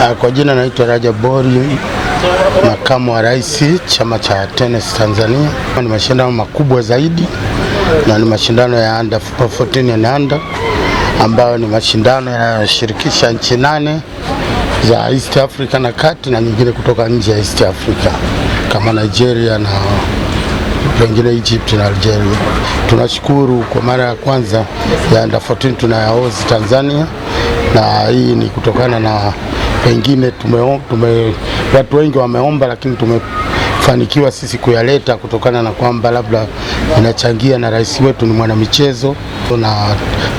Ah, kwa jina naitwa Rajab Bori, makamu wa rais chama cha tennis Tanzania. Ni mashindano makubwa zaidi na ni mashindano ya under 14 and under ambayo ni mashindano yanayoshirikisha nchi nane za East Africa na kati na nyingine kutoka nje ya East Africa kama Nigeria na wengine Egypt na Algeria. Tunashukuru kwa mara ya kwanza ya under 14 tunayaozi Tanzania, na hii ni kutokana na pengine tume, tume, watu wengi wameomba, lakini tumefanikiwa sisi kuyaleta kutokana na kwamba labda inachangia na rais wetu ni mwanamichezo na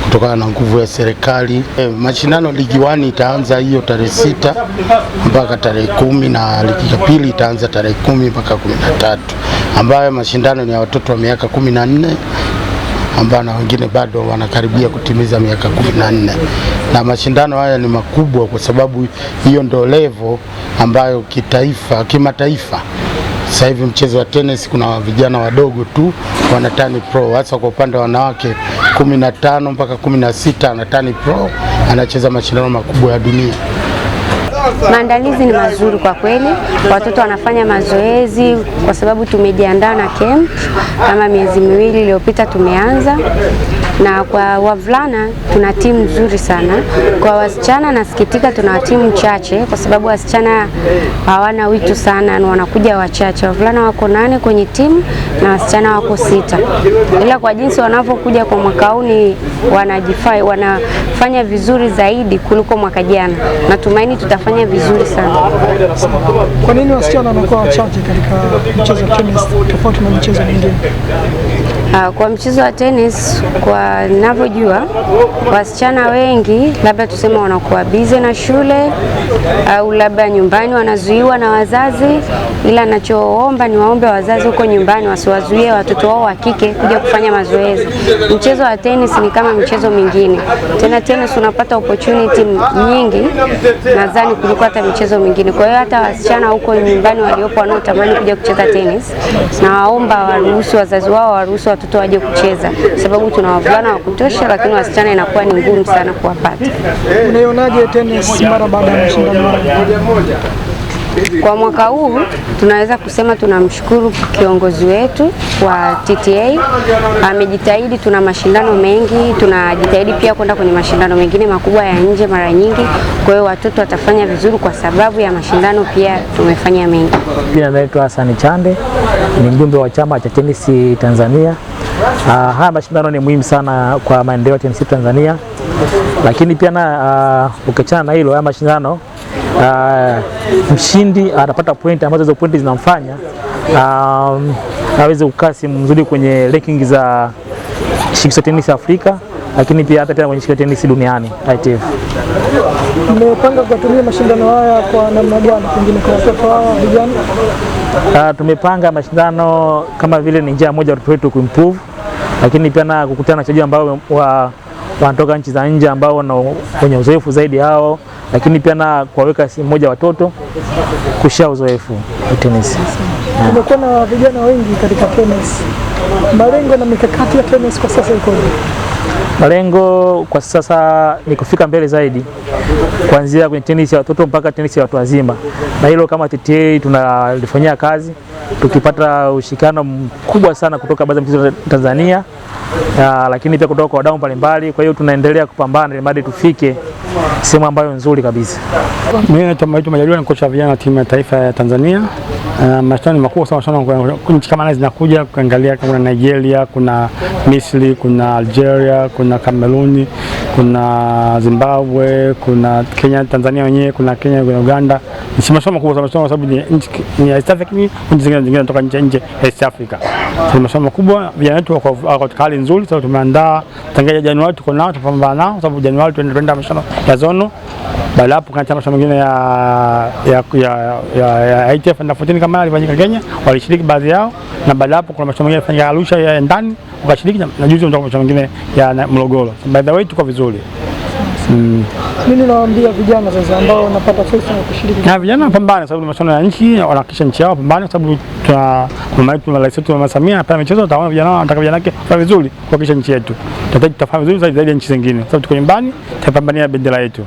kutokana na nguvu ya serikali. E, mashindano ligi wani itaanza hiyo tarehe sita mpaka tarehe kumi na ligi ya pili itaanza tarehe kumi mpaka kumi na tatu ambayo mashindano ni ya watoto wa miaka kumi na nne ambao na wengine bado wanakaribia kutimiza miaka kumi na nne, na mashindano haya ni makubwa kwa sababu hiyo ndo levo ambayo kitaifa, kimataifa sasa hivi mchezo wa tennis kuna vijana wadogo tu wanatani pro, hasa kwa upande wa wanawake kumi na tano mpaka kumi na sita anatani pro, anacheza mashindano makubwa ya dunia. Maandalizi ni mazuri kwa kweli, watoto wanafanya mazoezi kwa sababu tumejiandaa na camp kama miezi miwili iliyopita tumeanza, na kwa wavulana tuna timu nzuri sana. Kwa wasichana nasikitika, tuna timu chache kwa sababu wasichana hawana wito sana na wanakuja wachache. Wavulana wako nane kwenye timu na wasichana wako sita, ila kwa jinsi wanavyokuja kwa mwaka huu ni wanajifai wanafanya vizuri zaidi kuliko mwaka jana. Natumaini tutafanya vizuri sana. Kwa nini wasichana wanakuwa wachache katika mchezo wa tennis tofauti na michezo mingine? Ah, kwa mchezo wa tennis, kwa ninavyojua, wasichana wengi labda tuseme wanakuwa bize na shule au labda nyumbani wanazuiwa na wazazi ila anachoomba ni waombe wazazi huko nyumbani wasiwazuie watoto wao wa kike kuja kufanya mazoezi. Mchezo wa tennis ni kama mchezo mingine, tena tennis unapata opportunity nyingi nadhani kuliko hata michezo mingine. Kwa hiyo hata wasichana huko nyumbani waliopo wanaotamani kuja kucheza tennis, na waomba waruhusu wazazi wao waruhusu watoto waje kucheza, sababu tuna wavulana wa kutosha, lakini wasichana inakuwa ni ngumu sana kuwapata. Unaionaje tennis mara baada ya mashindano? Kwa mwaka huu tunaweza kusema tunamshukuru kiongozi wetu wa TTA, amejitahidi. Tuna mashindano mengi, tunajitahidi pia kwenda kwenye mashindano mengine makubwa ya nje mara nyingi. Kwa hiyo watoto watafanya vizuri kwa sababu ya mashindano pia tumefanya mengi. Jina naitwa Hassan Chande, ni mjumbe wa chama cha tenisi Tanzania. Uh, haya mashindano ni muhimu sana kwa maendeleo ya tenisi Tanzania, lakini pia na uh, ukiachana na hilo haya mashindano uh, mshindi atapata pointi ambazo hizo pointi zinamfanya um, aweze kukaa sehemu nzuri kwenye ranking za shirikisho tenisi Afrika, lakini pia hata tena kwenye shirikisho tenisi duniani ITF. Mmepanga kutumia mashindano haya kwa namna gani, pengine kwa watoto hawa vijana? Uh, tumepanga mashindano kama vile ni njia moja watoto wetu kuimprove, lakini pia na kukutana na wachezaji ambao wa wanatoka nchi za nje ambao wana wenye uzoefu zaidi hao, lakini pia na kuwaweka simu moja watoto kusha uzoefu wa tenisi. Kumekuwa na vijana wengi katika tenisi. Malengo na mikakati ya tenis kwa sasa ikoje? Malengo kwa sasa ni kufika mbele zaidi, kuanzia kwenye tenisi ya watoto mpaka tenisi ya watu wazima, na hilo kama TTA tunalifanyia kazi tukipata ushirikiano mkubwa sana kutoka baadhi ya michezo Tanzania ya, lakini pia kutoka kwa wadau mbalimbali. Kwa hiyo tunaendelea kupambana ili hadi tufike sehemu ambayo nzuri kabisa. Mimi naitwa Maito Majaliwa, ni kocha vijana timu ya taifa ya Tanzania. Uh, mashindano makubwa sana sana nchi kama zinakuja kuangalia, kuna Nigeria, kuna Misri, kuna Algeria, kuna Kameruni kuna Zimbabwe, kuna Kenya, Tanzania wenyewe, kuna Kenya, kuna Uganda. si masomo makubwa sana kwa sababu ni ni East Africa, ni nchi zingine zingine kutoka nje nje East Africa. Ni masoko makubwa, vijana wetu wako katika hali nzuri, sababu tumeandaa tangia Januari, tuko nao tupambana nao, sababu Januari tuenda masoko ya zono baada hapo kuna tamasha mengine ya ya ya, ya, ya ya ITF na 14 kama alifanyika Kenya, walishiriki baadhi yao, na baada hapo kuna tamasha mengine yafanyika Arusha ya ndani ukashiriki, na juzi kuna tamasha mengine ya Morogoro. By the way tuko vizuri. Mm. Nini nawaambia vijana sasa ambao wanapata fursa ya kushiriki? Na vijana pambane, sababu ni masuala ya nchi, wanahakikisha nchi yao pambane, sababu tuna mama yetu na rais wetu Mama Samia hapa michezo, utaona vijana wanataka vijana wake kwa vizuri kuhakikisha nchi yetu. Tutafanya vizuri zaidi ya nchi zingine, sababu tuko nyumbani, tutapambania bendera yetu.